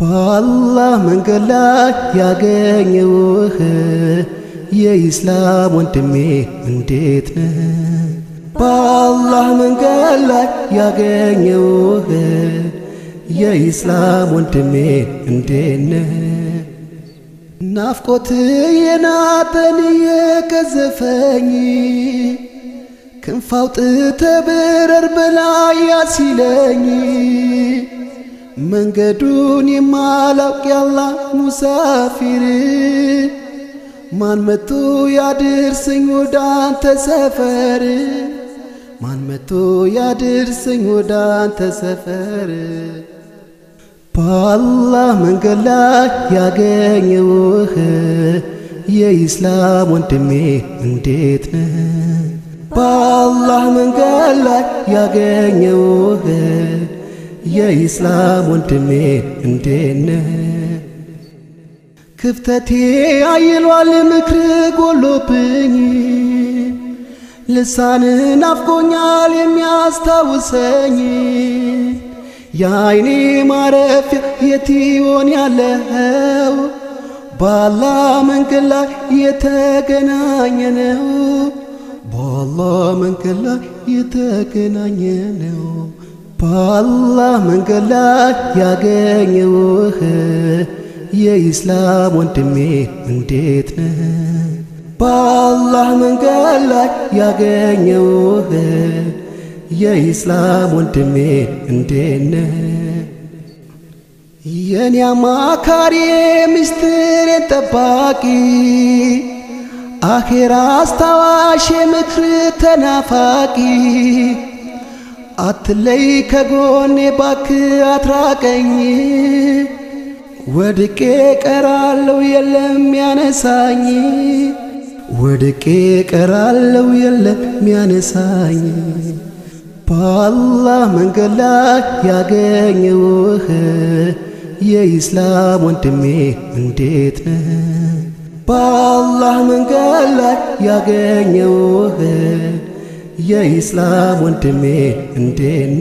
በአላህ መንገድ ላይ ያገኘውህ የኢስላም ወንድሜ እንዴት ነህ? በአላህ መንገድ ላይ ያገኘውህ የኢስላም ወንድሜ እንዴት ነህ? ናፍቆት የናጠን የገዘፈኝ ክንፋውጥ ተብረር በላይ ያሲለኝ መንገዱን የማላውቅ ያላ ሙሳፊር ማን መቶ ያድርሰኝ ወደ አንተ ሰፈር ማን መቶ ያድርሰኝ ወደ አንተ ሰፈር በአላህ መንገድ ላይ ያገኘውህ የኢስላም ወንድሜ እንዴት ነህ? በአላህ መንገድ ላይ ያገኘውህ የኢስላም ወንድሜ እንዴነ ክፍተቴ አይሏል ምክር ጎሎብኝ ልሳንን አፍቆኛል የሚያስታውሰኝ የአይኔ ማረፊያ የቲዮን ያለው ባላ መንገድ ላይ የተገናኘ ነው። ባላ መንገድ ላይ የተገናኘ ነው። በአላህ መንገድ ላይ ያገኘውህ የኢስላም ወንድሜ እንዴት ነህ? በአላህ መንገድ ላይ ያገኘውህ የኢስላም ወንድሜ እንዴት ነህ? የኔ አማካሪ ምስጢሬን ጠባቂ አኼራ አስታዋሽ ምክር ተናፋቂ አትለይ ከጎኔ ባክ አትራቀኝ፣ ወድቄ ቀራለው የለም ያነሳኝ፣ ወድቄ ቀራለው የለም ያነሳኝ። በአላህ መንገድ ላይ ያገኘውህ የኢስላም ወንድሜ እንዴት ነህ? በአላህ መንገድ ላይ ያገኘውህ የኢስላም ወንድሜ እንዴነ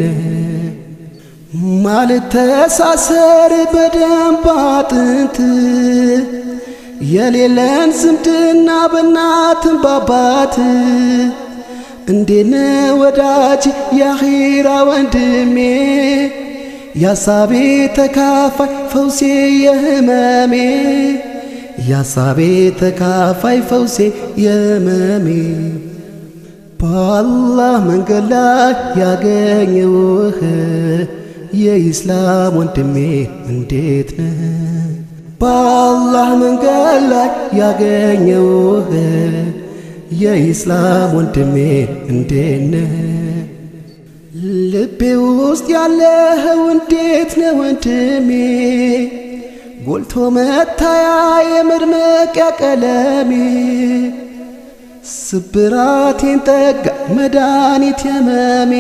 ማልተሳሰር በደንብ አጥንት የሌለን ዝምድና በእናትን ባባት እንዴነ ወዳጅ የአኺራ ወንድሜ ያሳቤ ተካፋይ ፈውሴ የህመሜ ያሳቤ ተካፋይ ፈውሴ የህመሜ በአላህ መንገድ ላይ ያገኘውህ የኢስላም ወንድሜ እንዴት ነህ? በአላህ መንገድ ላይ ያገኘውህ የኢስላም ወንድሜ እንዴት ነህ? ልቤ ውስጥ ያለኸው እንዴት ነህ ወንድሜ? ጎልቶ መታያ የመድመቂያ ቀለሜ ስብራቴን ጠጋ መድኃኒት የመሜ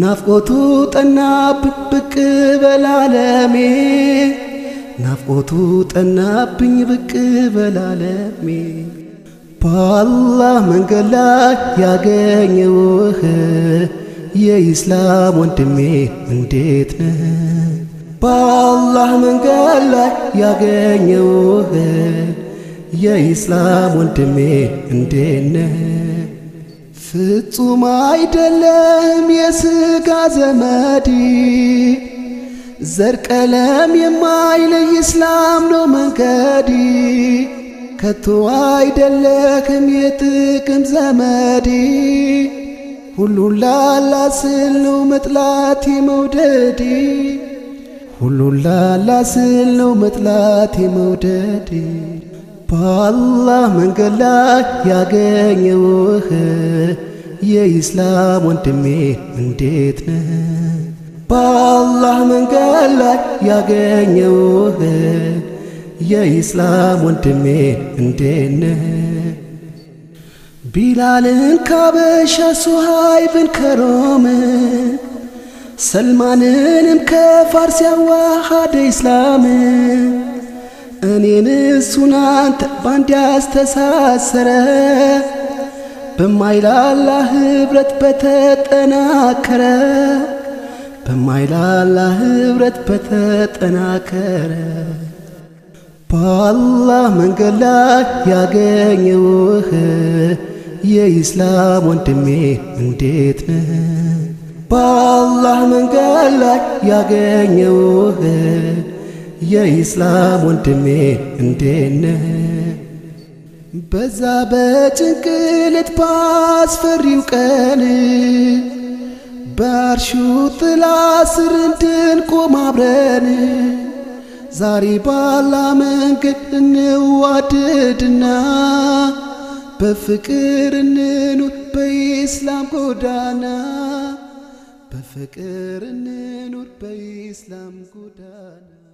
ናፍቆቱ ጠናብኝ ብቅ በላለሜ ናፍቆቱ ጠናብኝ ብቅ በላለሜ በአላህ መንገድ ላይ ያገኘውህ የኢስላም ወንድሜ እንዴት ነህ? በአላህ መንገድ ላይ ያገኘውህ የኢስላም ወንድሜ እንዴነ ፍጹም አይደለም የስጋ ዘመድ ዘር ቀለም የማይለይ እስላም ነው መንገድ ከቶ አይደለክም የጥቅም ዘመድ ሁሉን ላላ ስል ነው መጥላት መውደድ ሁሉን ላላ ስል ነው መጥላት መውደድ በአላህ መንገድ ላይ ያገኘውህ የኢስላም ወንድሜ እንዴት ነህ? በአላህ መንገድ ላይ ያገኘውህ የኢስላም ወንድሜ እንዴት ነህ? ቢላልን ካበሻ ሱሃይብን ከሮም ሰልማንንም ከፋርስ ያዋሃደ ኢስላም እኔን እሱን አንተ ባንድ ያስተሳሰረ በማይላላ ህብረት በተጠናከረ በማይላላ ህብረት በተጠናከረ በአላህ መንገድ ላይ ያገኘውህ የኢስላም ወንድሜ እንዴት ነህ? በአላህ መንገድ ላይ ያገኘውህ የኢስላም ወንድሜ እንዴነ በዛ በጭንቅልት ባስፈሪው ቀን በአርሹ ጥላ ስር እንድንቆም አብረን ዛሬ ባላ መንገድ እንዋደድና በፍቅር እንኑር በኢስላም ጎዳና በፍቅር እንኑር በኢስላም ጎዳና